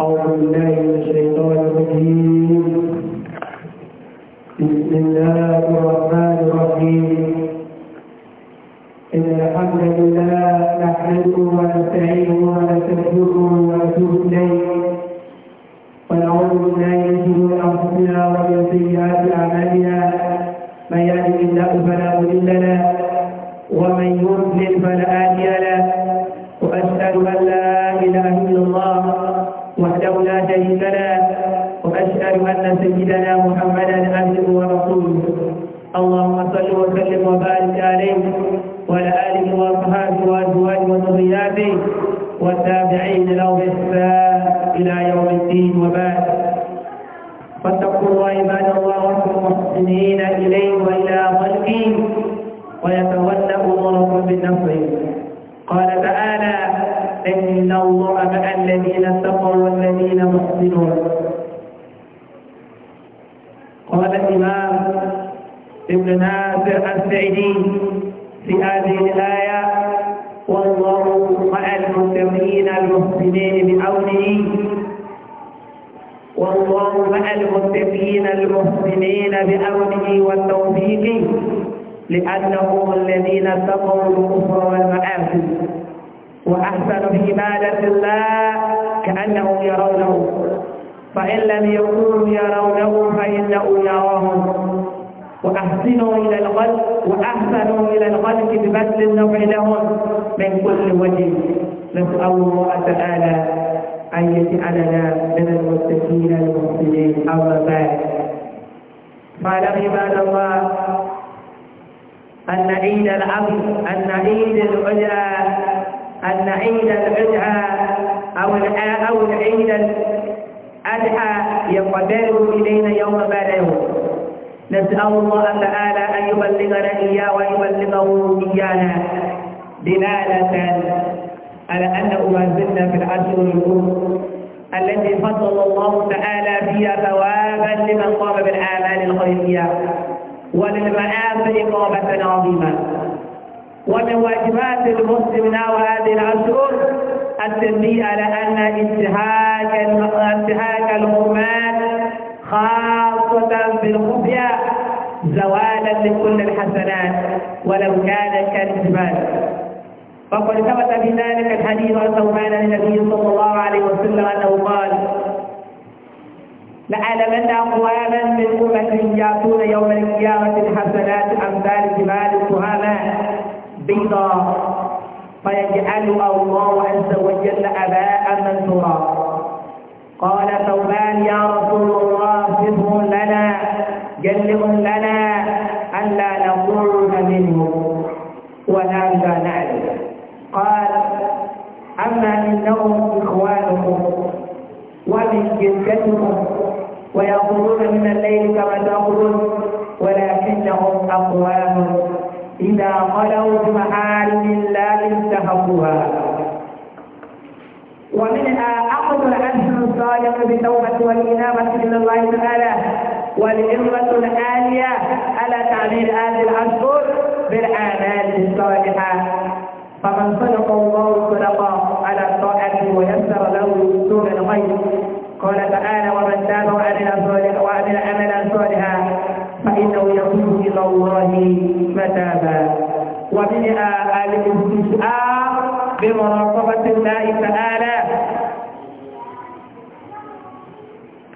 أعوذ بالله من الشيطان الرجيم بسم الله الرحمن الرحيم إن الحمد لله نحمده ونتوب إليه ونعوذ بالله من شرور أنفسنا ومن سيئات أعمالنا من الله فلا مضل ومن هادي شريك وأشهد أن سيدنا محمدا عبده ورسوله اللهم صل وسلم وبارك عليه وعلى آله وأصحابه وأزواجه وذرياته والتابعين له بإحسان إلى يوم الدين وبعد فاتقوا الله عباد الله وانتم محسنين إليه وإلى خلقه ويتولى أموركم بالنصر قال تعالى إن الله مع الذين اتقوا منهم قال الإمام ابن نافع السعدي في هذه الآية والله مع المتقين المحسنين بعونه والله مع المتقين المحسنين بعونه والتوفيق لأنهم الذين اتقوا الكفر والمعاصي وأحسن عبادة الله كأنهم يرونه فإن لم يكونوا يرونه فإنه يراهم وأحسنوا إلى الخلق وأحسنوا إلى الخلق ببذل النفع لهم من كل وجه نسأل الله تعالى أن يجعلنا من المتقين المحسنين أو بعد قال عباد الله أن عيد العبد أن عيد العلا أن عيد الأضحى أو أو العيد الأضحى يقبله إلينا يوم بعد يوم نسأل الله تعالى أن يبلغنا إياه ويبلغه إيانا دلالة على أنه ما زلنا في العشر الأولى التي فضل الله تعالى فيها ثوابا لمن قام بالأعمال الخيرية وللمآب إقامة عظيمة ومن واجبات المسلم نحو هذه العشر التنبيه على أن انتهاك انتهاك الغمان خاصة في زوالا لكل الحسنات ولو كان كالجبال فقد ثبت في ذلك الحديث عن ثوبان النبي صلى الله عليه وسلم انه قال لأعلمن أقواما من أمة يأتون يوم القيامة الحسنات أمثال جبال التهامات بيضاء فيجعلها الله عز وجل أباء منثورا قال ثوبان يا رسول الله سره لنا جلب لنا ألا نقول منه ولا نعلم قال أما إنهم إخوانكم ومن جلدتكم ويقولون من الليل كما تأخذون ولكنهم أقوام إذا خلوا بمحارم لا انتهكوها ومنها أخذ العزم الصالح بالتوبة والإنابة إلى الله تعالى والهمة العالية على تعليل هذه الأشهر بالأعمال الصالحة فمن صدق الله صدقه على الطاعة ويسر له دون الغيب قال تعالى ومن تاب وعمل صالحا وعمل عملا صالحا الله متابا ومنها الاستشعار بمراقبة الله تعالى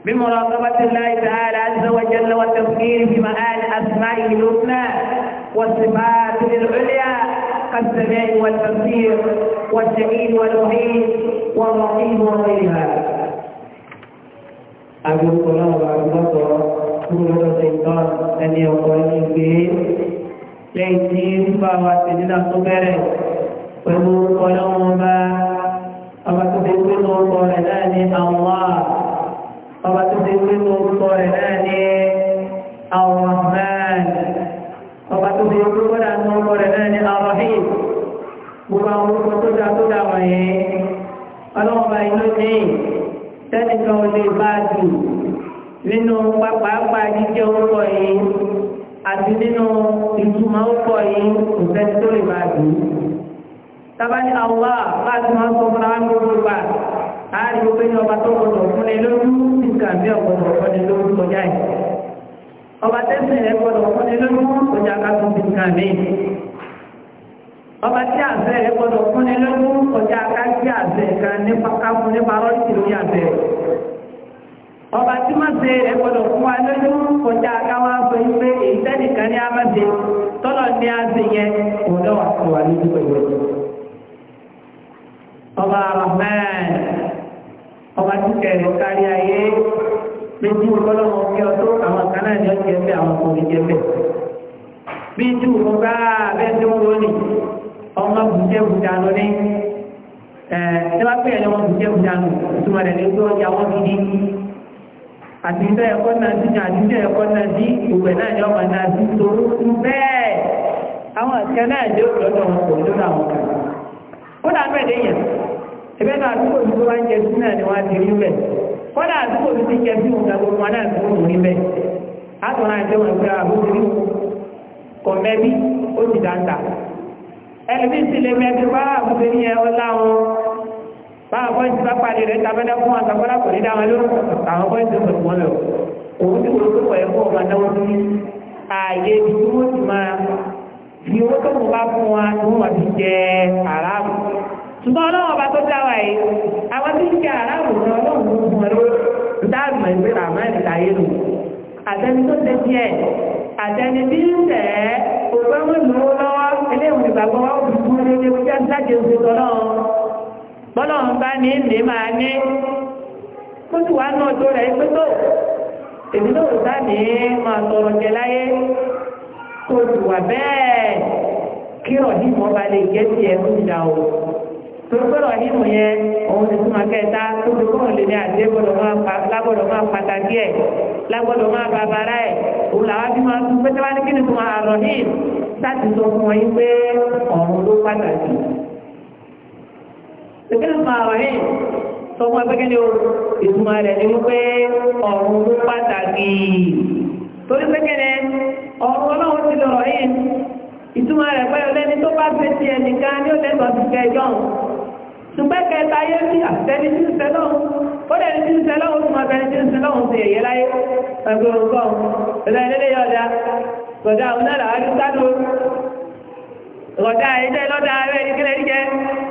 بمراقبة الله تعالى عز وجل والتفكير في مآل أسمائه الحسنى والصفات العليا كالسماء والتفسير والشهيد والمحيط والرحيم وغيرها. أقول الله أكبر kúrò lọ́dọ̀ ṣèǹtọ́ ẹni ọ̀pọ̀ ẹni ìgbé lẹ́yìn tí bá wa ti dídá tó bẹ̀rẹ̀ pẹ̀lú ọlọ́run bá ọba tó ti gbé lórúkọ rẹ̀ náà ní àwọn ọba tó ti gbé lórúkọ rẹ̀ náà ní àwọn mẹ́rin ọba tó ti gbé lórúkọ rẹ̀ náà ní àwọn hìn gbogbo àwọn orúkọ tó dá tó dá wọ̀nyí ọlọ́run bá inú ní tẹ́nìkan ò lè bá a dùn nínú pápápá jíjẹ́ orúkọ yìí àti nínú ìtumọ̀ orúkọ yìí kò sẹ́ni tó lè máa dùn. tábàní àwọ̀ bá ti máa ń sọ fún àwọn gbogbo ìgbà láàrin gbogbo ní ọba tó gbọdọ̀ fún ni lójú nígbà bí ọ̀gbọdọ̀ fún ni lójú kọjá yìí. ọba tẹ́sán rẹ̀ gbọdọ̀ fún ni lójú kọjá kátó ti nǹkan mi. ọba tí àṣẹ rẹ̀ gbọdọ̀ fún ni lójú kọjá kájí àṣẹ kan nípa ọba tí wọ́n ṣe rẹ̀ gbọ́dọ̀ fún wa lójú kọjá káwọn sọ pé èyí tẹ́nìkan ní amáṣe tọ́lọ̀ ní a ṣe yẹn kò lọ́wọ́ fún wa lójú pẹ̀lú ọba rahman ọba tí kẹrẹ̀ kárí ayé méjì ọlọ́wọ́ kí ọdún àwọn kan náà ní ọjọ́ ẹgbẹ́ àwọn ọkùnrin jẹ́ bẹ́ẹ̀ bí tí wọ́n bá bẹ́ẹ̀ tí wọ́n ní ọmọ bùjẹ́ bùjánu ní ẹ̀ẹ́dẹ́gbàgbé ẹ̀yọ́ wọn bùjẹ́ bùjánu ìtumọ̀ rẹ̀ ní ojú ọjà wọn gidi àti ìtọ́ ẹ̀kọ́ náà sí àti ìtọ́ ẹ̀kọ́ náà sí ìwẹ̀ náà yọ ọmọ náà sí torú fún bẹ́ẹ̀ àwọn ìṣẹ́ náà jẹ́ òjòjò wọn kò lóra wọn kan kódà ẹgbẹ́ náà àdúgbò ń jẹ sí náà ni wọ́n ti rí bẹ́ẹ̀ kódà àdúgbò ti jẹ sí gbogbo wọn náà ti rí rí bẹ́ẹ̀ wọn báwọn bọ́ǹsì bá pàdé rẹ̀ tàbẹ́dá fún àtàkọ́lá kò ní dá wọn lórúkọ àwọn bọ́ǹsì pẹ̀lú wọn lọ òun ti wọ́n pẹ̀lú ẹ̀kọ́ ọmọ náà wọ́n ní ààyè ibi tí wọ́n ti máa fi owó tó mú bá fún wa ni wọ́n ti jẹ àràbù ṣùgbọ́n ọlọ́wọ́ bá tó dá wa yìí àwọn tí ń jẹ àràbù náà ọlọ́run ló fún wọn lóró dáàmà ìwé ràmá ìdáyé lò àtẹni tó tẹ díẹ̀ àtẹni bí ń tẹ̀ òpẹ́ wọn lọ́wọ́ eléwòn ìgbàgbọ́ bọ́lọ́run bá ní ìdè máa ní kó náà tó rẹ̀ tó máa jẹ láyé ti ẹ̀ fún ìdá o yẹn òun ti tó fi lè ní gbọ́dọ̀ máa pa lágbọ́dọ̀ máa pàtàkì ẹ̀ lágbọ́dọ̀ máa ẹ̀ òun làwọn bí máa tún ni tẹ̀kẹ́lẹ̀ máa rẹ̀ sọ fún ẹgbẹ́ kẹ́lẹ́ o ìtumọ̀ rẹ̀ ni wípé ọ̀run ló pàtàkì torí pẹ́kẹ́lẹ́ ọ̀run ọlọ́run ti lọ̀rọ̀ yìí ìtumọ̀ rẹ̀ pẹ́ ọlẹ́ni tó bá fẹ́ ti ẹnìkan ní ọlẹ́tọ̀ ti fẹ́ jọ̀ ṣùgbọ́n kẹta ayé ní àtẹ́ni tí ń sẹ́ lọ́hùn ó dẹ̀ ní tí ń sẹ́ lọ́hùn tó máa bẹ̀rẹ̀ tí ń sẹ́ lọ́hùn ti ẹ̀yẹ láyé pẹ̀lú ọgbọ́n ọ̀dọ̀ ẹlẹ́lẹ́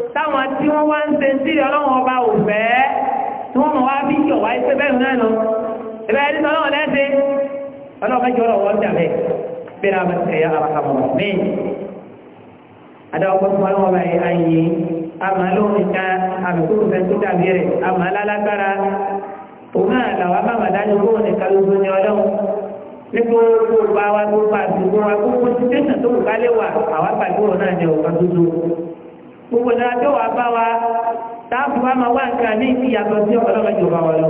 táwọn tí wọ́n wá ń ṣe ń sílẹ̀ ọlọ́run ọba ò fẹ́ tí wọ́n mọ̀ wá bí yọ̀ wá ṣe bẹ́ẹ̀ náà lọ ẹ̀bẹ̀ ẹni tọ́lọ́run lẹ́sẹ̀ ọlọ́run mẹ́jọ ọ̀rọ̀ wọ́n jàmẹ́ bẹ́ẹ̀ náà bẹ́ẹ̀ yá alákàmọ̀ mí adáwọ̀ pẹ̀lú ọlọ́run ọba yìí ayé àmà lóhun ká àbíkúrú fẹ́ tó dàbí rẹ̀ àmà lálágbára òun náà làwọn bá màdájú kóhun nìkan lóṣù ní ọlọ́run ní gbogbo bá wa gbogbo àdúgbò wa gbogbo títẹ̀sán tó wù ká lé wà àwọn àgbàgbọ́ náà ní ọ̀gá dúdú gbogbo náà tó wà bá wa táàbù wa máa wá nǹkan ní ìyàtọ̀ sí ọlọ́run ìjọba wa lọ.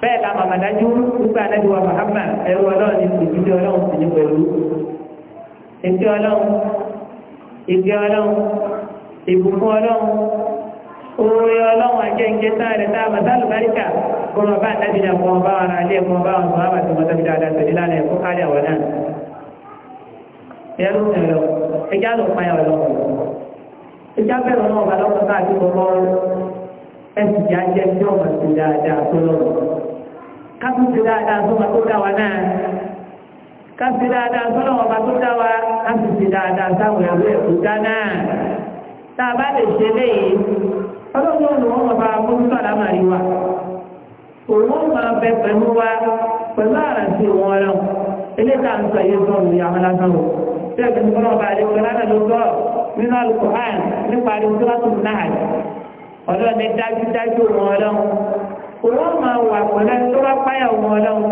bẹ́ẹ̀ la màmá dájú gbogbo àdájú wa Muhammad ẹ̀rọ ọlọ́run ní ìdíje ọlọ́run sì ní pẹ̀lú. ìdíje ọlọ́run ìgbé ọlọ́run ìbùkún ọlọ́run oore ọlọ́run àjẹ́ ìjẹ́ sáà rẹ̀ sáà màtálù báríkà kọ́nà bá àtàbí ní àwọn ọba ẹ̀kọ́ ọba àti dáadáa tẹ̀lé lánàá ẹ̀kọ́ kárí àwọn ìjà bẹ̀rẹ̀ náà wà lọ́wọ́ bá àti bọ̀bọ̀ ẹ̀sì ìjà jẹ́ tí ọmọ sí dáadáa tó lọ́wọ́ kápú sí dáadáa tó wà tó dá wa náà kápú sí dáadáa tó lọ́wọ́ bá tó dá wa kápú sí dáadáa táwọn ẹ̀rọ ẹ̀kú dá náà tá a bá lè ṣe léyìí ọlọ́run ọ̀nà wọn wọ̀ bá mọ́tò àlámàrí wa òun ó máa pẹ̀lú wa pẹ̀lú àràǹtí wọn ọlọ́run eléyìí tá à ń sọ nínú alukur'an nípa àdìsíwájú náà ọlọ́run ní dájúdájú wọn ọlọ́run òun máa wà pẹ̀lú tó bá páyà wọn ọlọ́run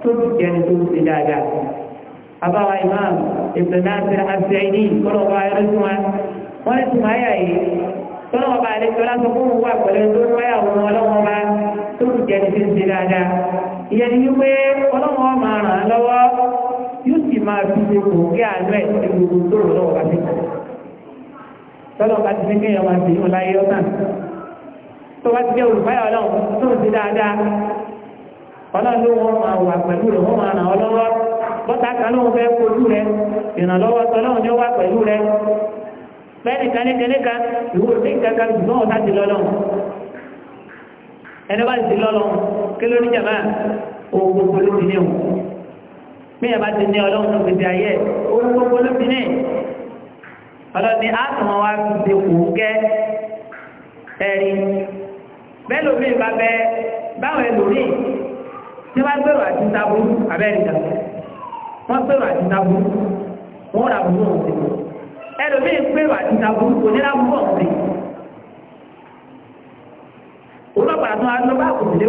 tó ti jẹni tó ti dáadáa. àbáwá imam ibn nasir abdulayi kọ́nà ọba ẹlẹ́sìn wa wọ́n ní tùmọ̀ ayà yìí kọ́nà ọba àdìsí ọlá sọ fún òun wà pẹ̀lú tó páyà wọn ọlọ́run ọba tó ti jẹni tó ti dáadáa. ìyẹn ni wípé ọlọ́run máa ràn án lọ́wọ́ yóò sì máa fi ṣe kò kí àánú ẹ̀ tọ́lọ̀ bá ti ní kéèyàn máa ṣe yóò láyé ọ̀tàn tó bá ti jẹ́ olùbáyà ọlọ́run tó ń ti dáadáa ọlọ́run ló wọ́n máa wà pẹ̀lú rẹ̀ wọ́n máa ràn ọ́ lọ́wọ́ bọ́tà kan ló ń fẹ́ kojú rẹ̀ ìrànlọ́wọ́ tọ́lọ́run ni ó wà pẹ̀lú rẹ̀ bẹ́ẹ̀ni kaníkaníka ìwò sí kankan ṣùgbọ́n ọ̀tá ti lọ́lọ́run ẹni bá ti lọ́lọ́run kí ló ní jàmbá ohun gbogbo ló ti ẹ̀ bá ti ní ọlọ́run tó fi di ayé ohun gbogbo ọlọ́ni àtùmọ̀ wa ti kù kẹ́ ẹ̀rí bẹ́ẹ̀ lómi ìbá báwọn tí wọ́n gbèrò àti taburú abẹ́rẹ́ wọ́n gbèrò àti taburú wọ́n rà bùrù ọ̀hún sí gbèrò àti taburú kò ní lábùrù ọ̀hún sí tó bá kò ni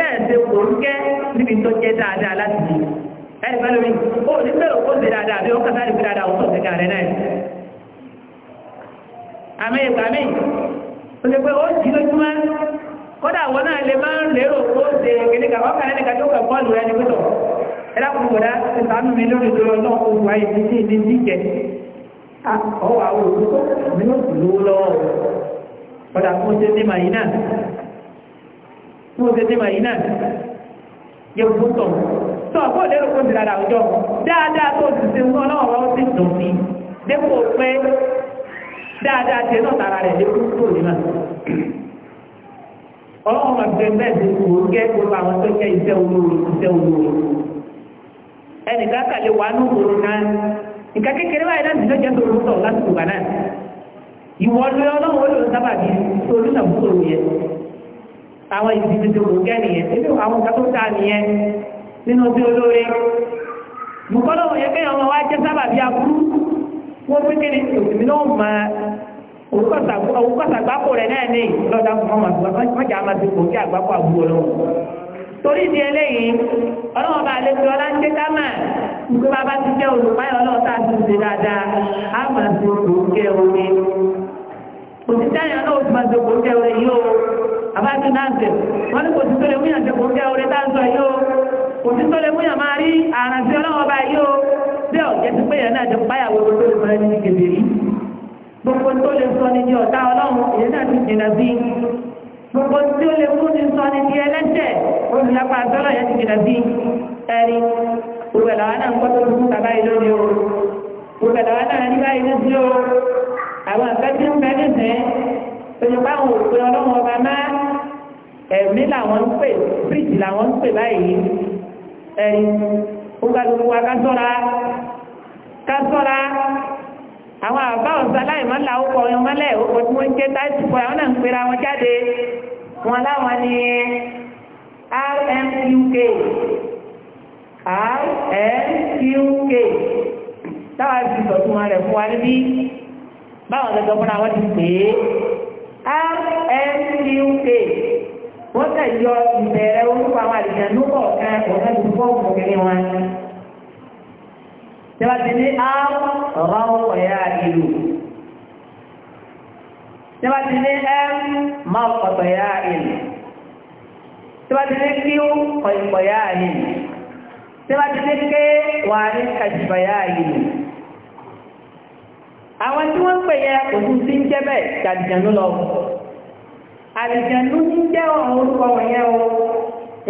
bẹ́ẹ̀ ṣe kò ń kẹ́ níbi tó jẹ́ dáadáa láti ẹni pẹ̀lú mi ó ní pé òkú ṣe dáadáa bí ó kà sáré fi dáadáa ó tó ṣe kàrẹ náà àmì ìgbà mi ó ṣe pé ó jí lójúmọ́ kódà wọn náà lè máa ń lérò ó ṣe kìnnìkà ọkà ẹni kàjọ kà bọ́ọ̀lù ẹni pẹ̀tọ̀ ẹlẹ́kùn gbọ́dá ti sànú mi lórí ìdúró náà ó wà ìdí sí ìdí sí ìjẹ ọwọ́ àwọn òkú mi ló sì lówó lọ́wọ́ kódà kó ṣe ní màyí náà kó ṣe tó ọ̀pọ̀ lérò kó ti dára àwùjọ dáadáa tó ti ṣe ń náà wọ́n sì dùn sí dépò pé dáadáa tiẹ̀ náà tara rẹ̀ lékún tó ní mà. ọlọ́run máa gbé bẹ́ẹ̀ kò ń gẹ́ gbogbo àwọn tó jẹ́ iṣẹ́ olóore iṣẹ́ olóore. ẹnì kan kàlẹ́ wà ní òru náà nǹkan kékeré báyìí láti ló jẹ́ tòun sọ̀ láti kò bá ìwọ ló ọlọ́run olóòrùn sábà bíi olùsàmúsòrò yẹn. àwọn ìdíje tó kò gẹ́ nìyẹn àwọn nǹkan tó ta nìyẹn nínú bí olóore mùkọ́lọ̀ òye pé ọmọ wa jẹ́ sábà bí aburú wọ́n pé kéde òsìmí náà mọ òwúkọ̀sà rẹ̀ náà ní lọ́dà fún ọmọ àgbà máa ti kò kí àgbákò àbúrò torí ìdí eléyìí ọlọ́wọ́ bá lè fi ọlá ń bàbá ti jẹ́ olùpáyọ̀ ọlọ́ọ̀ta ti ṣe dáadáa á máa ti kò omi náà ó ti máa ti kò omi àbájú kò sí tó lè mú máa rí àrùn sí ọlọ́wọ́ bá o bẹ́ẹ̀ ọ̀jẹ́ ti pé yẹn náà ti páyàwó gbogbo tó lè máa ní kèdè rí gbogbo tó lè sọ ní di ọ̀tá ọlọ́run èyí náà ti jìnà sí gbogbo tí ó lè mú ní sọ ní di ẹlẹ́jẹ̀ olùlápá àtọ́lọ̀ yẹn ti jìnà sí ẹni gbogbo ẹ̀làwà náà ń kọ́ tó dúdú bàbá yìí lónìí o gbogbo ẹ̀làwà náà ní báyìí ní sí o àwọn àfẹ́tí ń bẹ nísìn tòjú báwọn òpin ẹ̀yìn ògbàgbogbo wa ká sọ́ra ká sọ́ra àwọn àbá ọ̀sán láì má la ọkọ̀ ọ̀yàn mọ́lẹ̀ ọkọ̀ tí wọ́n ń ké táìsì pọ̀ àwọn náà ń pera wọn jáde wọn láwọn ni rmuk rmuk táwọn ti sọ̀tún wọn rẹ̀ fún wa níbí báwọn gẹ́gẹ́ fúnra wọn ti pè é. náà yọ ìbẹ̀rẹ̀ orúkọ àwọn àdìjẹ́ núbọ̀ kan òun náà dùn fọ́ọ̀mù obìnrin wọn. Tẹ́wà ti ní á ọ̀rọ̀ ọ̀yà ìlú. Tẹ́wà ti ní ẹ́ máa ọ̀pọ̀ ya ìlú. Tẹ́wà ti ní kí ó kọ̀ìpọ̀ ya ìlú. Tẹ́wà ti ní ké wà ní kàjìpọ̀ ya ìlú. Àwọn tí wọ́n ń pè yẹ òkú sí ń jẹ́ bẹ́ẹ̀ àlìjẹ̀nú ń jẹ́ ọ̀rọ̀ orúkọ wọ̀nyẹn o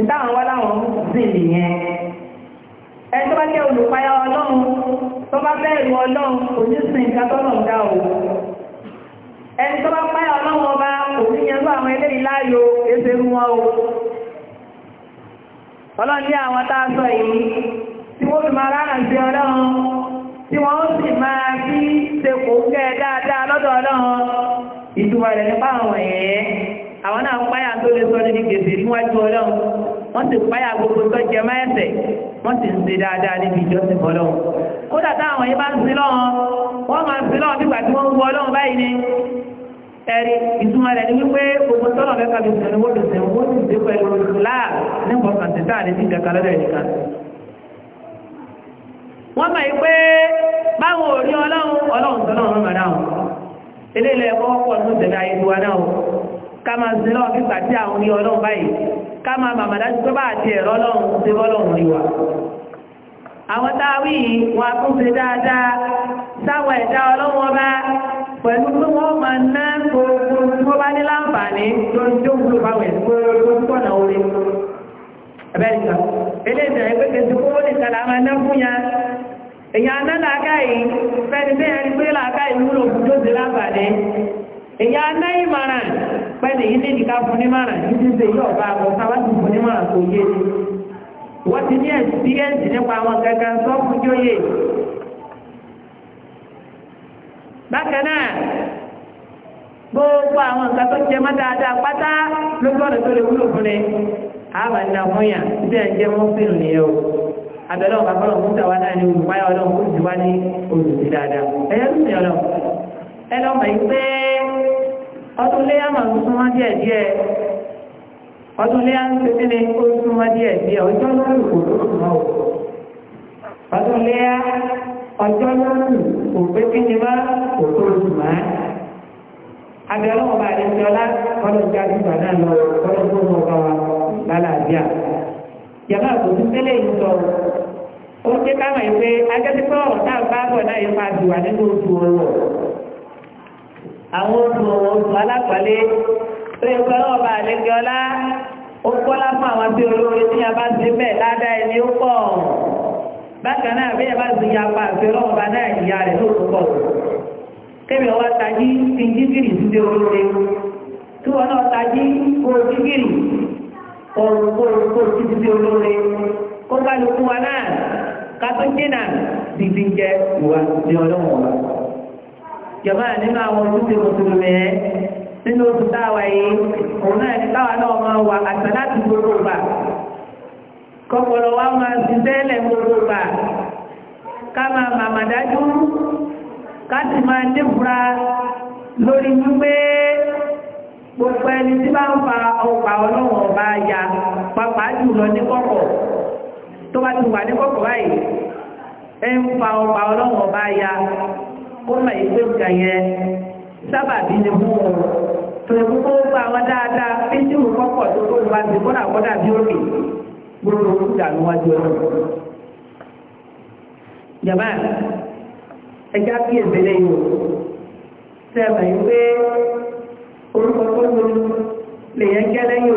ìtàwọn wọ́n láwọn sì nìyẹn ẹ tó bá jẹ́ olùpayá ọlọ́run tó bá ọlọ́run ní o tó bá páyà ọlọ́run ọba kò yẹn o ọlọ́run ní àwọn tá a sọ yìí tí wọ́n fi máa rárá sí ọlọ́run tí wọ́n sì máa fi ṣe kò ń dáadáa lọ́dọ̀ ọlọ́run ìtumọ̀ rẹ̀ àwọn náà páyà tó lè sọ gbèsè níwájú ọlọ́run wọ́n ti páyà gbogbo tó jẹ wọ́n ń dáadáa níbi ìjọsìn ọlọ́run kódà táwọn yìí bá ń sin lọ́wọ́ wọ́n máa ń sin lọ́wọ́ nígbà tí wọ́n ń wọ ọlọ́run báyìí ni ẹ̀rí ìtumọ̀ rẹ̀ ni wípé gbogbo tọ́lọ̀ fẹ́ kàbí sẹ́ni wọ́n ti sẹ́ni wọ́n ti dé pẹ̀lú ìlàá ká máa lọ́wọ́ kí pàtí àwọn ní ọlọ́run báyìí bá àti ẹ̀rọ ọlọ́run ṣe bọ́lọ́run rí wa. àwọn táwí wọn a dáadáa ọba pẹ̀lú pé wọ́n máa ná gbogbo tí wọ́n bá ní láǹfààní tó ń tó ń orí. ẹgbẹ́ kejì ná fún ya èèyàn aná làákàyè fẹ́ni pé làákàyè wúlò èyí aná mara pẹ̀lú èyí ní ìdíkà fún ní títí ṣe yí ọ̀bá àwọn ti fún nímọ̀ràn tó yé ni wọ́n ti ní ẹ̀sìpírẹ́ǹsì nípa àwọn kankan tó jóyè bákan náà gbogbo àwọn nǹkan tó jẹ mọ́ dáadáa pátá lójú tó lè wúlò fún ni fún yà ẹ̀ jẹ́ mọ́ fíìmù nìyẹn o ọ̀gá fún tàwa náà ni olùpáyà ọlọ́run kò wá ní olùsí ọdún léyà máa ń súnmọ́ díẹ̀ díẹ̀ ọdún léyà ń ṣe sílé ó súnmọ́ díẹ̀ díẹ̀ ọjọ́ lórí kò tó súnmọ́ o ọdún léyà ọjọ́ lórí kò pé kí ni bá kò tó súnmọ́ abẹ́rẹ́ ọba àdéhùn ọlá kọ́lọ́ ìjà àdúgbò náà lọ kọ́lọ́ tó ń bọ̀ wá lálàáfíà yàrá àbòsí tẹ́lẹ̀ yìí sọ ó jẹ́ káwọn ìwé ajẹ́sípọ̀ ọ̀tá àbábọ̀ náà yóò àwọn oṣù oṣù alágbàlẹ tó yẹ pé wọn àlejò ọlá ó fún àwọn tí olóore tí a bá ti bẹ́ẹ̀ ládàá ẹni ó pọ̀ bákan náà bí bá ti ya pa àti ọlọ́wọ́ bá náà ìyá rẹ̀ ló tó pọ̀ kébì ọwọ́ tají jígìrì olóore tí wọn náà tají kó jígìrì kó olóore kó wa náà jìnnà jọba nínú àwọn ojúṣe mùsùlùmí ẹ nínú oṣù táwa yìí òun náà ní táwa náà máa wà àṣà láti gbogbo gbà kọpọlọ wa máa ṣiṣẹ́ lẹ̀ gbogbo gbà ká máa màmàdájú ká sì máa nífura lórí wípé gbogbo ẹni tí bá ń fa ọgbà ọlọ́wọ̀n ọba ya pàápàá jùlọ ní kọ̀kọ̀ tó bá ti wà ní kọ̀kọ̀ báyìí ẹ ń fa ọgbà ọlọ́wọ̀n ọba ya. kó mọ̀ ìgbé nǹkan yẹn sábàbí ni fún wọn tòun kó bá wọn dáadáa bí tí mo kọ́kọ́ tó kó wá sí kó nàkó dàbí òkè gbogbo òkú dànù wájú ọ̀rọ̀. jàmbá ẹja kí èbèrè yìí o sẹ́ẹ̀mà yìí pé orúkọ tó ń lò lèyẹn jẹ́ lẹ́yìn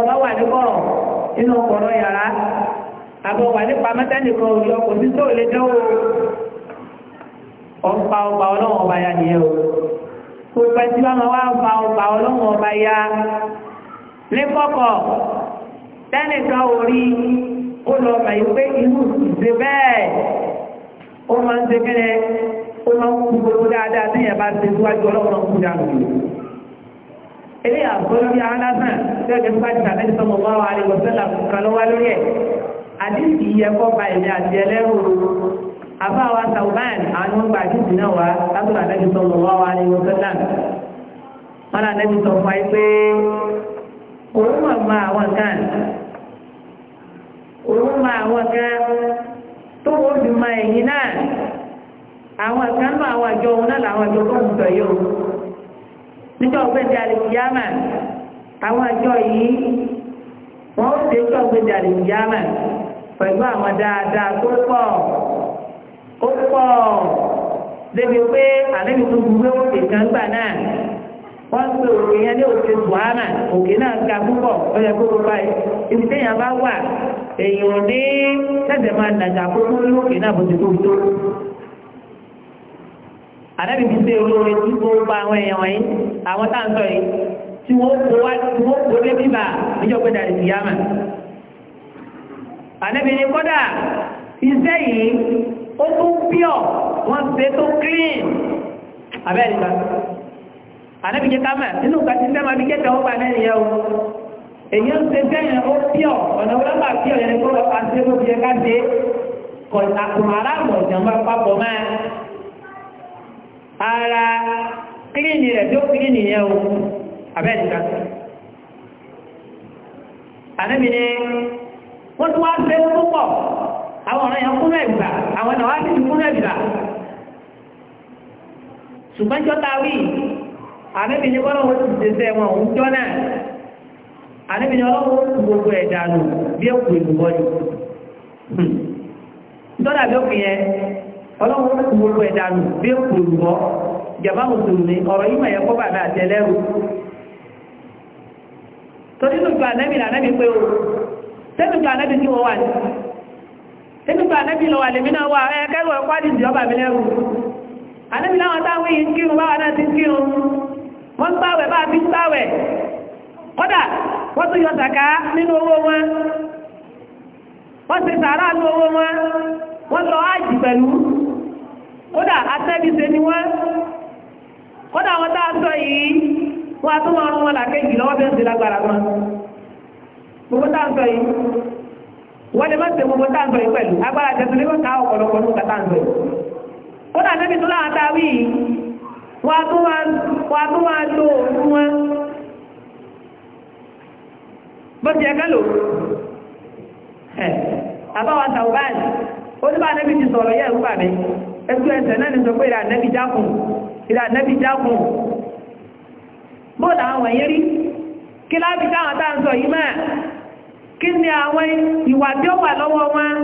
òru wà níbọ̀ ọkọ̀ ọ̀rọ̀ yàrá àbọ̀ wà nípa mẹ́tẹ́nìkan ọkọ̀ ọ̀pá ọba ọlọ́wọ̀n ọba ya nìyẹn o gbogbo ẹtí bá máa wá ọba ọba ọlọ́wọ̀n ọba ya lẹ́kọ̀ọ̀kọ̀ tẹ́nìkan ò rí ó lọ mà yí pé irú ìṣe bẹ́ẹ̀ ó máa ń ṣe kẹ́lẹ́ ó máa ń kú gbogbo dáadáa tí yẹn bá ṣe síwájú ọlọ́wọ̀n náà kú dànù eléyà gbọ́dọ̀ bí alásán gẹ́gẹ́ bí pàṣẹ àbẹ́ni sọmọ wá wà lè wọ́sẹ́là kan lọ́wọ́ lórí ẹ̀ àdìsí yẹ kọ́ ba ẹ̀mí àti ẹlẹ́rù àbáwá sàwùmáàn àdìsí náà wá látọ̀dọ̀ ànábì sallallahu alaihi wasallam wọn là ànábì sọ fún ayé pé òun mà mọ àwọn kan òun mọ àwọn kan tó wọ́n fi mọ ẹ̀yìn náà àwọn kan náà àwọn àjọ òun náà làwọn àjọ tó ń sọ yìí o níjọ́ ògbéǹde àlèkìyàmà àwọn àjọ yìí wọ́n ó ṣe níjọ́ ògbéǹde àlèkìyàmà pẹ̀lú àwọn dáadáa tó pọ̀ ó pọ̀ débi pé àlejò tó gbúgbé òkè kan gbà náà wọ́n ń pe òkè yẹn ní òkè buhama òkè náà ga púpọ̀ ó yẹ kó o bá ibi téèyàn bá wà èèyàn ní tẹ̀sẹ̀ máa nàgà kókó lókè náà bó ti kó tó. àdábì fi ṣe olóore tí ó bá àwọn èèyàn wọ̀nyí àwọn tá à ń sọ yìí tí wọ́n kó wá tí wọ́n kó lé bíbà níjọ́ pé dàrí ìyá mà. àdábì ni kódà iṣẹ́ yìí ó tún píọ̀ wọ́n ṣe tó clean abẹ́ẹ̀lìkan ànábi jẹ́ kámẹ́ nínú kàtí sẹ́mà bí kẹ́kẹ́ ó gbà lẹ́yìn yẹ́ o èyí ń ṣe sẹ́yìn ó píọ̀ ọ̀nà ọlọ́pàá píọ̀ yẹn kó àṣẹ tó fi ká ṣe kọ̀ àkùnmọ̀rá àmọ̀ ìjàmbá papọ̀ máa ara clean rẹ̀ tó clean yẹ́ o abẹ́ẹ̀lìkan ànábi ni wọ́n tún wá ṣe púpọ̀ àwọn ọ̀rọ̀ yẹn kúnlẹ̀ ìgbà àwọn ẹ̀nà wá sí ti kúnlẹ̀ ìgbà ṣùgbọ́n jọta wí àníbi ní bọ́lọ́wọ́ ti ṣẹṣẹ́ wọn òun jọ náà àníbi ní ọlọ́wọ́ gbogbo ẹ̀dà nù bí èkó ìlúbọ́ ni tọ́dà bí òkè yẹn ọlọ́wọ́ gbogbo ẹ̀dà nù bí èkó ìlúbọ́ jàmbá mùsùlùmí ọ̀rọ̀ yìí mọ̀ yẹ kọ́ bàbá àtẹlẹ́rù torí lùgbà ànẹ́bì o sẹ́nìgbà anábì lọ wà lèmi náà wà ẹ ẹ̀kọ́ àdìsí ọba mi lẹ́rù anábì láwọn táwọn yìí ń kírun báwa náà ti ń kírun wọ́n gbáwẹ̀ bá fi gbáwẹ̀ kódà wọ́n tún yọ nínú owó wọn wọ́n ti sàárà nínú owó wọn wọ́n lọ ájì pẹ̀lú kódà atẹ́bíse ni wọ́n kódà wọn tá a sọ yìí wọ́n wọn rún wọn làkejì lọ́wọ́ bí wọ́n ti lágbára gbogbo tá a sọ yìí wọ́n lè má ṣe gbogbo táǹtọ̀ yìí pẹ̀lú agbára jẹ́sùn lè má ká ọ̀pọ̀lọpọ̀ ní kàtàǹtọ̀ yìí ó dà níbi tó láwọn táwí yìí wọ́n á tún máa lo òun wọn bó ti ẹ̀kẹ́ lò àbáwá sàwùbáàn ó ní bá nẹ́bí ti sọ̀rọ̀ yẹ́ ẹ̀rú pàmí ẹ̀sù ẹ̀sẹ̀ náà ni sọ pé ìrà nẹ́bí jákùn bó làwọn wọ̀nyí rí táwọn táà yìí máa kí ni àwọn ìwà tí ó wà lọ́wọ́ wọn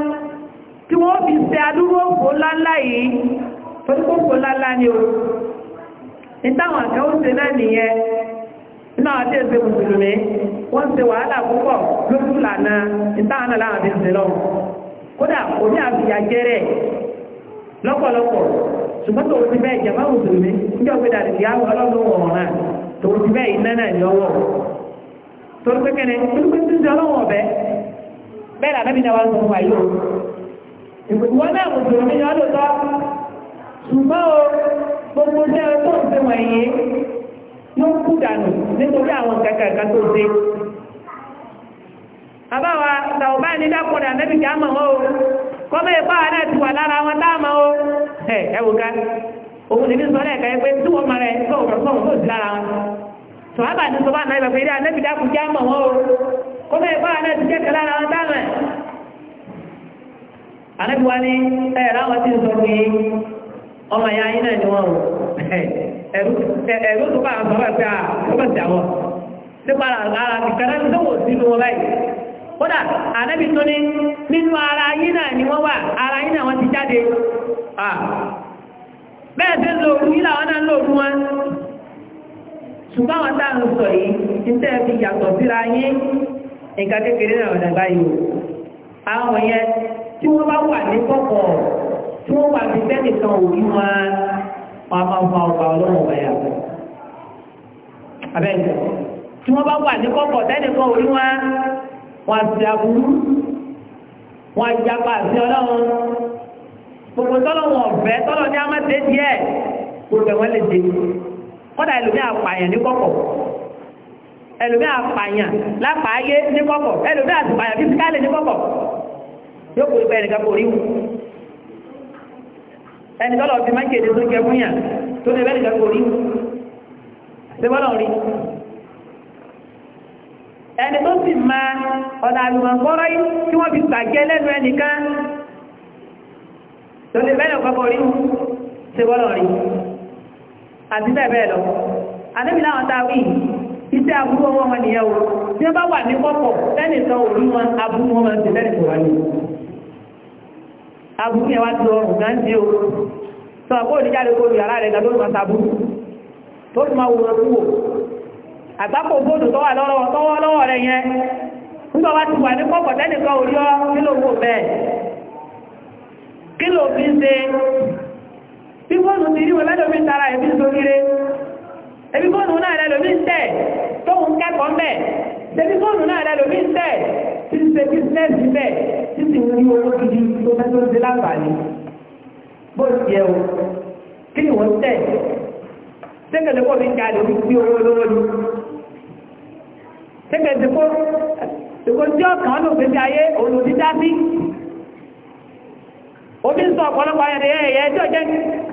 tí wọ́n fi ṣe adúrú òpó lálá yìí lálá ni o ìtàwọn àkẹ́ ó ṣe náà nìyẹn nínú àwọn tí mùsùlùmí wọ́n ṣe wàhálà púpọ̀ lójú ìtàwọn náà láwọn ṣe lọ kódà àfihàn lọ́pọ̀lọpọ̀ ṣùgbọ́n ti bẹ́ẹ̀ jẹ́ mùsùlùmí dàdìdì àwọn ọlọ́run ti bẹ́ẹ̀ iná torí pé kẹ́nẹ̀ torí tí ń jọ lọ́wọ́ ọ̀bẹ bẹ́ẹ̀ làbẹ́bí náà wá ń sọ wa o náà kò tó ní ọdún tó ṣùgbọ́n o gbogbo jẹ́ tó wọ̀nyí yóò kú dànù nítorí àwọn kan tó bá ní dákùnrin àbẹ́bí kí á mọ̀ o náà ti wà lára wọn o ẹ̀ ká òun ní sọ̀hábà ní sọ́bà náà ìbàgbé dáa nẹ́bí a já mọ̀ wọ́n o kó mẹ́ ìpá náà ti jẹ́kẹ̀ lára wọn dáàmẹ̀ ànẹ́bí wa ní ẹ̀rọ àwọn tí ń sọ ya ni wọ́n o ẹ̀rú tó bá kódà tó ní nínú ara ni wọ́n wà ara yín wọ́n ti jáde bẹ́ẹ̀ sí náà wọn ṣùgbọ́n àwọn táwọn sọ yìí níṣẹ́ fi yàtọ̀ síra yín nǹkan kékeré náà ọ̀dà báyìí o àwọn yẹn tí wọ́n bá wà ní kọ̀kọ̀ tí wọ́n wà ní sẹ́nìkan òbí wọn wọn máa fa ọgbà ọlọ́run ọ̀bà yàtọ̀ abẹ́ẹ̀dẹ̀ tí wọ́n bá wà ní kọ̀kọ̀ sẹ́nìkan òbí wọn wọn ti aburú wọn ìjàpá àti ọlọ́run gbogbo tọ́lọ́ kọ́dà ẹlòmí àpààyàn ní kọ́kọ̀ ẹlòmí àpààyàn lápàáyé ní kọ́kọ̀ ẹlòmí àpààyàn fisikálì ní kọ́kọ̀ yóò kúrò pé ẹnìkan kò rí wù ẹni tọ́lọ̀ ti máa ń kéde tó jẹ fún yàn tó ní ẹnìkan kò rí wù ṣe bọ́lọ̀ rí ẹni tó sì máa ọ̀nà àlùmọ̀gbọ́rọ́ yìí tí wọ́n fi gbàjẹ́ lẹ́nu ẹnìkan tó ní ẹnìkan kò rí wù ṣe bọ́lọ̀ rí àti bẹ́ẹ̀ bẹ́ẹ̀ lọ a iṣẹ́ aburú ọwọ́ wọn nìyẹn tí bá wà ní lẹ́nì sọ wọn wọn ti lẹ́nì kò wá ní yẹn wá ti ọrùn o sọ àpò òdíjáde kó lu yàrá gan lórí wọn tó fi máa àgbákò bóòdù ọ kí ló wò bí fóònù ti rí wọn lẹ́lòmí tara ẹ̀bí sóríire ẹbí fóònù náà lẹ́lòmí tẹ̀ tóun kẹ́kọ̀ọ́ mẹ́ ẹbí fóònù náà lẹ́lòmí tẹ̀ tí ń ṣe bísínẹ́sì bẹ́ẹ̀ tí sì ń rí owó gidi tó fẹ́ tó ń ṣe láǹfààní bó ti yẹ o kí ni wọ́n tẹ̀ sẹ́kẹ̀lẹ́ pọ̀ mi ga lórí bí owó lówó ni sẹ́kẹ̀lẹ́ pọ̀ ìkò tí ọ̀kan ló gbé sí ayé òun ti dá sí. Omi ń sọ ọ̀pọ̀lọpọ̀ ayẹyẹ ẹ̀yẹ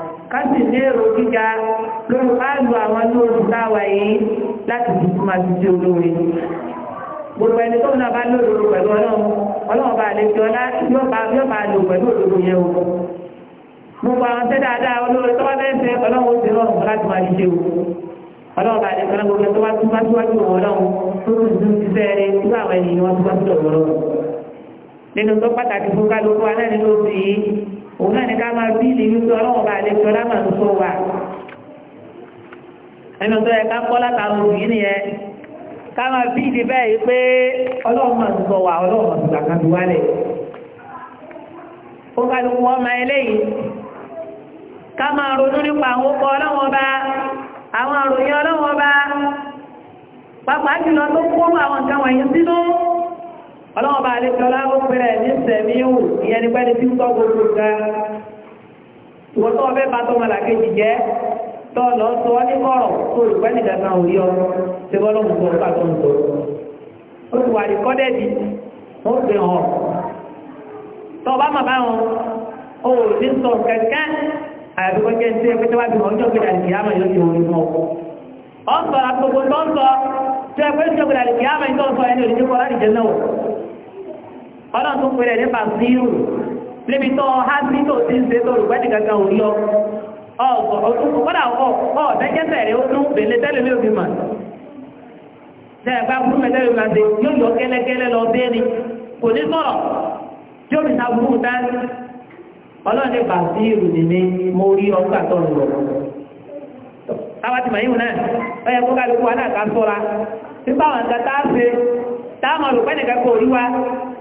káàsì ní èrò gíga lórí páàlù àwọn ní oṣù táwà yìí láti fi máa ti di olóore gbogbo ẹni tó náà bá lòdòdò pẹ̀lú ọlọ́run ọlọ́run bá lè fi ọlá yóò bá lò pẹ̀lú òdòdò yẹn o gbogbo àwọn tẹ́ dáadáa olóore tó bá fẹ́ fẹ́ ọlọ́run ó ti rọrùn láti máa ti di o ọlọ́run bá lè fi ọlọ́run tó bá tún bá síwájú ọlọ́run tó tún tún ti fẹ́ẹ́rẹ́ nígbà àwọn ènìyàn wọn tún bá nínú tó pàtàkì fún kálukú alẹ́ nínú òbí òun náà ní ká máa bí ìlú wípé ọlọ́wọ́ bá lè fi ọlá màá tó wà ẹnu tó yẹ ká kọ́ látara òbí nìyẹn ká máa bí ìdí bẹ́ẹ̀ pé ọlọ́wọ́ màá tó wà ọlọ́wọ́ màá tó gbà kan tó wálẹ̀ ó ká ló wọ́n máa eléyìí ká máa ronú nípa àwọn ọkọ̀ ọlọ́wọ́ bá àwọn àròyìn ọlọ́wọ́ bá ọlọ́wọ́n bá alẹ́ tọ́lá ó pẹ̀rẹ̀ ní sẹ̀míhù ìyẹn ní pẹ́ni tí ń tọ́ gbogbo ga wọ́n tọ́ fẹ́ bá tọ́mọ làkejì jẹ́ tọ́ lọ sọ ní kọ̀rọ̀ tó olùpẹ́ nìkan náà ò yọ ṣe bọ́ lọ́mù tó ọ̀pá tó ń tọ́ ó ti wà rìkọ́dẹ̀dì ó fi hàn tọ́ bá mà bá wọn ó ní sọ kẹ̀kẹ́ àyàfikọ́ jẹ́ ṣe pé tọ́wá bí wọn jọ́ gbẹ̀dà nìkì àmà yóò yọ orí mọ́ ọ sọ àgbogbo tó ń sọ tó ẹgbẹ́ jọ́ gbẹ̀dà nìkì àmà yóò sọ ẹni òdìjẹ́ kọ́ láti jẹ́ náà ọlọ́run tó pẹ̀lẹ̀ ní bàzírù lébi tó ha sí tó ti ń ṣe tó rùgbẹ́ ní kankan ò yọ ọ̀gọ̀ ọ̀kọ́dà ọ̀ ọ̀dẹ́jẹ́sẹ̀ rẹ̀ ó tún bèlè tẹ́lẹ̀ mi ò fi mà tẹ́ẹ̀gbá fún mẹ́tẹ́lẹ̀ mi máa ṣe yóò yọ kẹ́lẹ́kẹ́lẹ́ lọ bẹ́ẹ̀ ni kò ní sọ̀rọ̀ yóò fi sàbúrú dání ọlọ́run ní bàzírù nìní mo rí ọgbà tó ń lọ táwa ti mọ̀ yíwò náà ọyẹ kó kálukú wa náà ká sọ́ra nípa àwọn nǹkan tá a ṣe táwọn olùpẹ́ nìkan kò rí wa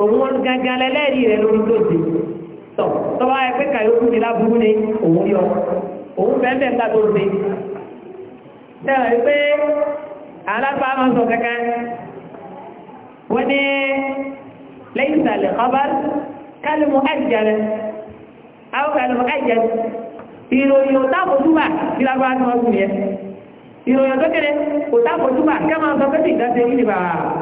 òun gangan lẹ́lẹ́rìí rẹ̀ lórí tó dé tọ̀ tọ́wọ́ ẹ pé kàyókù ní láburú ni òun yọ òun bẹ́ẹ̀ bẹ́ẹ̀ gbà tó dé tẹ́lẹ̀ pé alápá máa sọ kankan wọ́n ní lẹ́yìn ìsàlẹ̀ khabar kálùmù ẹ̀jẹ̀rẹ̀ àwọn kálùmù ẹ̀jẹ̀rẹ̀ ìròyìn ò táàbò túbà kí lágbá ní wọ́n kù yẹn ìròyìn tó kéré ò táàbò túbà kẹ́ máa sọ pé sì ìdájẹ́ yìí ni bàbá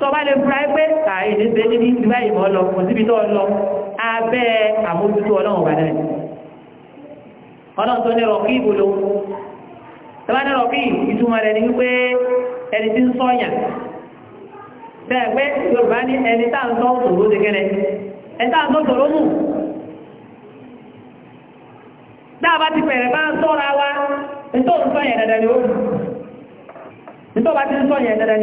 tọ́ba lè fura ẹgbẹ́ ààyè ní ṣe níbi ìgbà ìmọ̀ lọ kò síbi tó lọ abẹ́ àmójútó ọlọ́run bàdá ẹ̀ ọlọ́run tó ní rọ̀kí ìbòlò tọ́ba ní rọ̀kí ìtumọ̀ rẹ̀ ni wípé ẹni tí ń sọ́yàn bẹ́ẹ̀ pé yorùbá ní ẹni tá à ń sọ òṣòro ti kẹ́rẹ́ ẹni tá à ń sọ òṣòro mù dáàbá ti pẹ̀rẹ̀ bá ń sọ́ra wa ti ń sọ́yàn dandan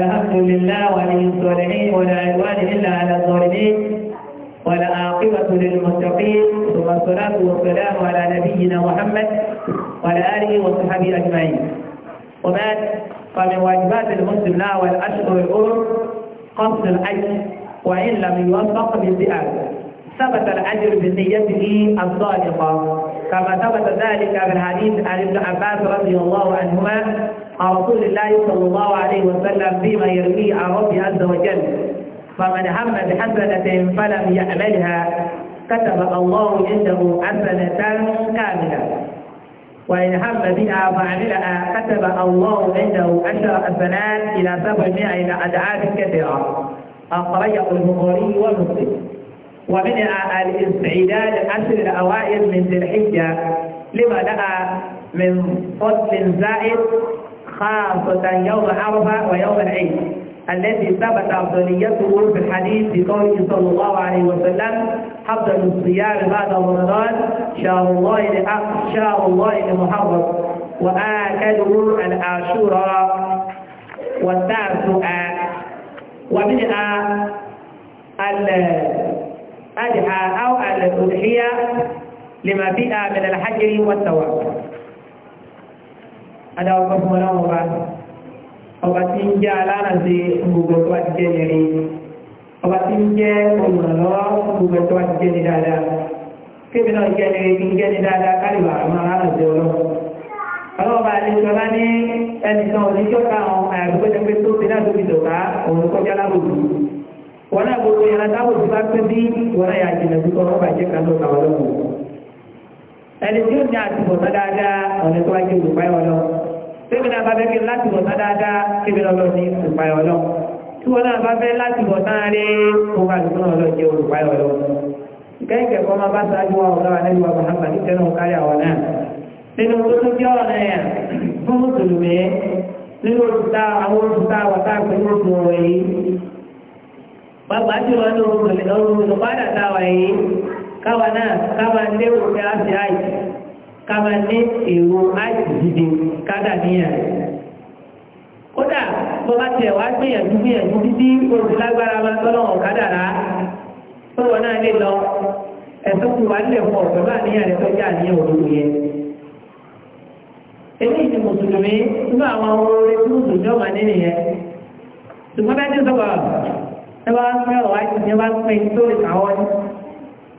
الحمد لله ولي الصالحين ولا عدوان إلا على الظالمين ولا عاقبة للمتقين ثم الصلاة والسلام على نبينا محمد وعلى آله وصحبه أجمعين وبعد فمن واجبات المسلم لا والأشهر الأولى قصد الحج وإن لم يوفق بالذئاب ثبت الأجر بنيته الصادقة كما ثبت ذلك في الحديث عن ابن عباس رضي الله عنهما عن رسول الله صلى الله عليه وسلم فيما يرويه عن ربه عز وجل فمن هم بحسنة فلم يعملها كتب الله عنده حسنة كاملة وإن هم بها فعملها كتب الله عنده عشر حسنات إلى سبعمائة إلى أدعاب كثيرة أخرجه البخاري ومسلم ومنها الاستعداد عشر الأوائل من ذي الحجة لما لها من فضل زائد خاصة يوم عرفة ويوم العيد الذي ثبت أفضليته في الحديث بقوله صلى الله عليه وسلم حفظ الصيام بعد رمضان شهر الله لأخ آه، شهر الله لمحرم وآكله العاشوراء والتاسع آه، ومنها الأدحى أو الأضحية لما فيها من الحجر والتوكل Ada fún ọlọ́wọ́ bá ọba tí ń jẹ́ alánàṣe gbogbo tó bá ti jẹ́ nìrí ọba tí ń jẹ́ olùrànlọ́wọ́ gbogbo tó bá ti jẹ́ ní dáadáa kébì náà jẹ́ nìrí kí ń jẹ́ ní dáadáa kálíwà àwọn alánàṣe ọlọ́wọ́ ọlọ́wọ́ bá lè sọlá ní ẹnì kan òní jọ́ta àwọn àyàdúgbò jẹ́ pé tó ti náà tóbi dọ̀ká òun kọjá lábòjì wọn náà gbogbo yàrá táwọn òṣìṣẹ́ bá pẹ́ bí wọn náà yà ẹni tí ó ní àtìmọ̀ sá dáadáa ọ̀nà tó wáyé olùpáyọ̀ lọ tẹ́mi náà bá fẹ́ kí láti mọ̀ sá dáadáa kébí lọ́lọ́ ní olùpáyọ̀ lọ tí wọn náà bá fẹ́ láti mọ̀ sá rí kó bá lùkún ọ̀lọ́ jẹ́ olùpáyọ̀ lọ. ìkẹ́kẹ́ kọ́ máa bá sáájú wa ọ̀gá wa nẹ́bí wa mahama ní tẹ́nu kárí àwọn náà nínú káwa náà káwa lé òkè àti àì káwa lé èrò àì dìde kádà níyàn kódà bó bá tiẹ̀ wá gbìyànjú gbìyànjú títí olùlágbára máa tọ́lọ̀ ọ̀kadà rà tó wọn náà lè lọ ẹ̀sùn kù wá lè fọ pẹ̀lú àníyàn rẹ̀ tó jẹ́ àníyàn òdodo yẹn. eléyìí ni mùsùlùmí nínú àwọn orin tí mùsùlùmí ọ̀mà nínú yẹn ṣùgbọ́n dájú sọ̀rọ̀ ẹ bá fẹ́ ọ̀ wá ti ní wá pé tó lè kàwọ́ ní.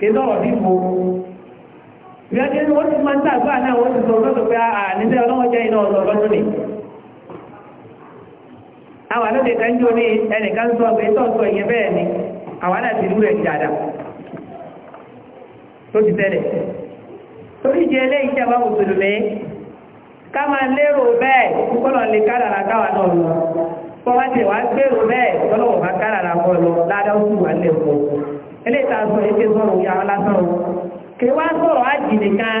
kéde ọ̀rọ̀ dìbò bí náà wọ́n ti sọ lọ́sọ̀ pé a níṣẹ́ ọlọ́wọ́ jẹ́ iná ọ̀sọ̀ lọ́dún ni àwọn àlọ́dẹ kan jọ ní ẹnìkan sọ pé tọ́ọ̀tọ̀ ìyẹn bẹ́ẹ̀ ni àwọn àdàtì ìlú rẹ̀ dáadáa tó ti tẹ́lẹ̀ torí jẹ́ ilé ìjọba mùsùlùmí ká máa lérò bẹ́ẹ̀ kọ́lọ̀ lọ kọ́ wá ti wá gbèrò ó sì wà lẹ́kọ̀ọ́ eléta sọ èké sọ̀rọ̀ ìyá wọn lásán o kì í nìkan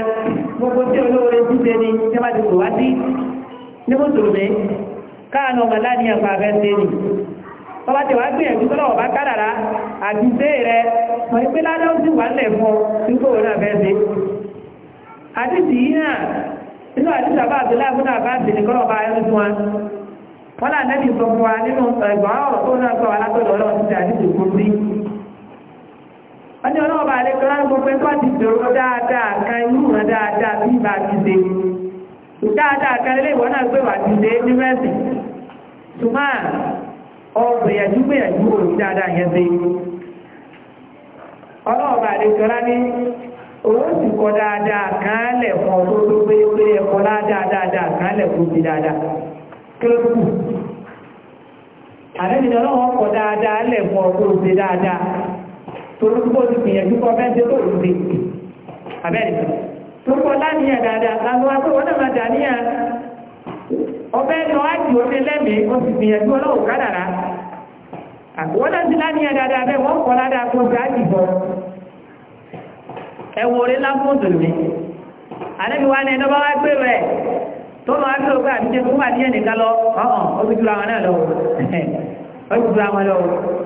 gbogbo tí olóore ṣíṣe ni tí ti wá sí ní ọmọ àpá ṣe ni wọ́n bá ti wá gbìyànjú tọ́lọ̀ ọ̀bá kádàrá àti rẹ mọ̀ ní pé ládá ó sì wà lẹ̀ fún ọ nígbò wọn ṣe àti nínú àti sábà àti ọba fún wa là sọ fún wa nínú ọ̀rọ̀ ọjọ́ ọlọ́wọ́ bá lè kọ́ láti gbogbo ẹ̀kọ́ ti dòrò dáadáa kan irú wọn dáadáa bí ìbá ti dé dáadáa kan lè wọ́n náà gbé wà ti dé ní mẹ́sì ọgbìyànjú gbìyànjú dáadáa yẹn dé ọlọ́wọ́ bá lè kọ́ láti sì kọ́ dáadáa kan tó dáadáa kan ti dáadáa kéwù ọlọ́wọ́ kọ́ dáadáa tó dáadáa torúkọ ti gbìyànjú kọ fẹ́ ṣe tó lóde abẹ́rẹ́ láníyàn dáadáa náà máa ọbẹ̀ ájì omi lẹ́mìí ó náà ti láníyàn dáadáa bẹ́ẹ̀ wọ́n kọ́ ládàá kó ájì orí wa wá gbé rẹ̀ tó gbé fún nìkan lọ ọ̀hún ó ti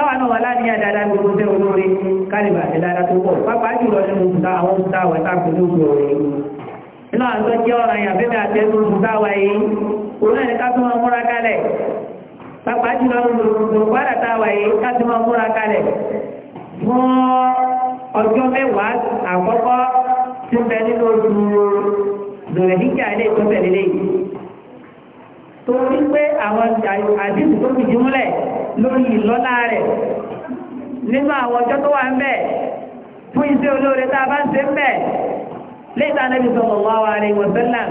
káwa náà wà láàrin àdáadáa gbogbo tẹ́ olóore kálíbà àti dáadáa tó pọ̀ pápá jùlọ nínú òkúta àwọn òkúta àwọn ẹ̀ta kò ní òkú ọ̀rẹ́ iná àtọ́ jẹ́ ọ̀rọ̀ àyàn bẹ́ẹ̀ àti ẹnu òkúta wa yìí òun náà ní ká tún máa múra kalẹ̀ pápá jùlọ nínú òkúta tá a wà yìí ká tún múra kalẹ̀ fún ọjọ́ mẹ́wàá àkọ́kọ́ tí ń bẹ nínú oṣù àdìsí tó fi jùmúlẹ̀ lórí ìlọ́lá rẹ̀ nínú àwọn ọjọ́ tó wà ń bẹ̀ fún iṣẹ́ olóore tá a bá ń ṣe ń bẹ̀ léta Ànábì sallallahu alaihi wa sallam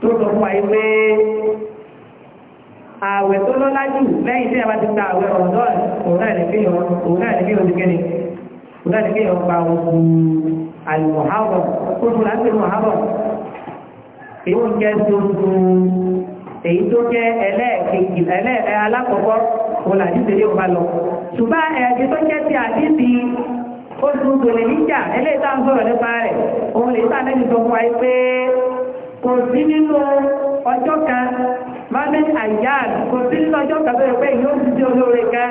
tó sọ fún àyè pé ààwẹ̀ tó lọ́lá jù lẹ́yìn tí a bá ti ta ààwẹ̀ Ramadan èyí tó jẹ́ ẹlẹ́ẹ̀kejì ẹlẹ́ẹ̀ẹ́ alákọ̀ọ́kọ́ òun àdìsí yóò bá lọ. ṣùgbọ́n ẹ̀ẹ́dì tó jẹ́ ti àdìsí oṣù gbòlè níjà eléyìí tá à ń sọ̀rọ̀ nípa rẹ̀ òun lè tá lẹ́yìn tó fún wa pé kò sí nínú ọjọ́ kan mọ́mí àyà kò sí nínú ọjọ́ kan tó yẹ pé yóò ti di olóore kan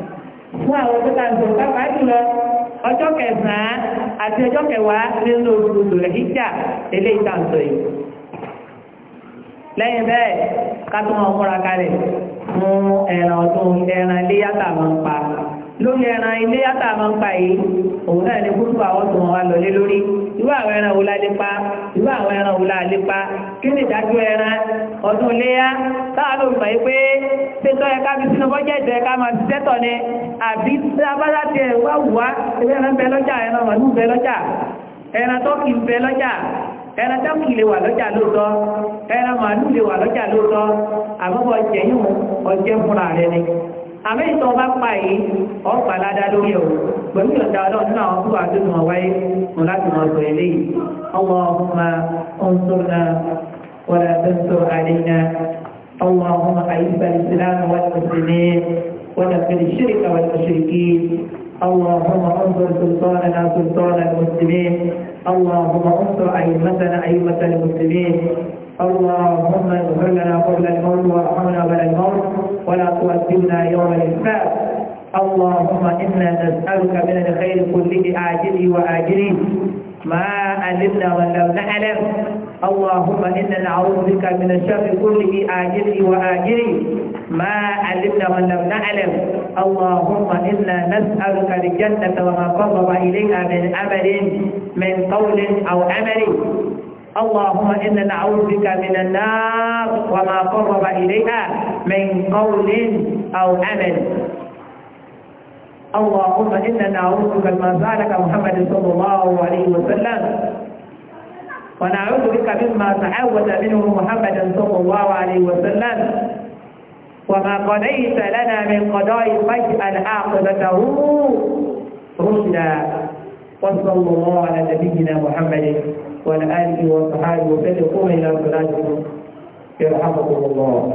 fún àwọn tó ká pápá jùlọ ọjọ́ kẹsàn-án àti ọjọ́ kẹwàá nínú oṣù rẹ̀ ìjà eléyìí tá yìí lẹ́yìn bẹ́ẹ̀ ká tó kalẹ̀ fún ẹran ọdún ẹran iléyàtà máa ń pa lórí ẹran ilé yàtọ̀ àmọ́ ń pa yìí òun náà ni kúrúkú àwọn tó wọn wá lọlé lórí irú àwọn ẹran wo la pa irú àwọn ẹran wo la pa kí ni ìdájọ́ ẹran ọdún léyà táwọn ló mọ̀ pé ṣètò ẹ̀ka fi sínú bọ́jẹ̀tì ẹ̀ka máa ti tẹ́tọ̀ ni àbí abájá tiẹ̀ wá wù wá ewé ẹran bẹ lọ́jà ẹran màlúù bẹ lọ́jà ẹran tọ́kì bẹ lọ́jà ẹran tọ́kì lè wà lọ́jà lóòótọ́ ẹran màlúù lè wà lọ́jà lóòótọ́ àmọ́ àmì ìtàn bá pa yìí ọ̀pá ládá lórí ọ̀ pẹ̀lú ìyọ̀dá ọlọ́run nínú àwọn tó wà tó mọ̀ wáyé mọ̀ láti mọ̀ ọ̀sọ̀ eléyìí اللهم انصرنا ولا تنصر علينا اللهم أعز الإسلام والمسلمين ودفل الشرك والمشركين اللهم انصر سلطاننا سلطان المسلمين اللهم انصر أئمتنا أئمة المسلمين اللهم اغفر لنا قبل الموت وارحمنا بعد الموت ولا تؤذبنا يوم الحساب اللهم انا نسالك من الخير كله اعجله واجله ما علمنا ولم نعلم اللهم انا نعوذ بك من الشر كله عاجله واجله ما علمنا ولم نعلم اللهم انا نسالك الجنه وما قرب اليها من امل من قول او عمل اللهم إنا نعوذ بك من النار وما قرب إليها من قول أو عمل اللهم إنا نعوذ بك ما سألك محمد صلى الله عليه وسلم ونعوذ بك مما تعوذ منه محمد صلى الله عليه وسلم وما قضيت لنا من قضاء فجأة عاقبته رشدا وصلى الله على نبينا محمد وعلى آله وصحبه وسلم إلى صلاتكم يرحمكم الله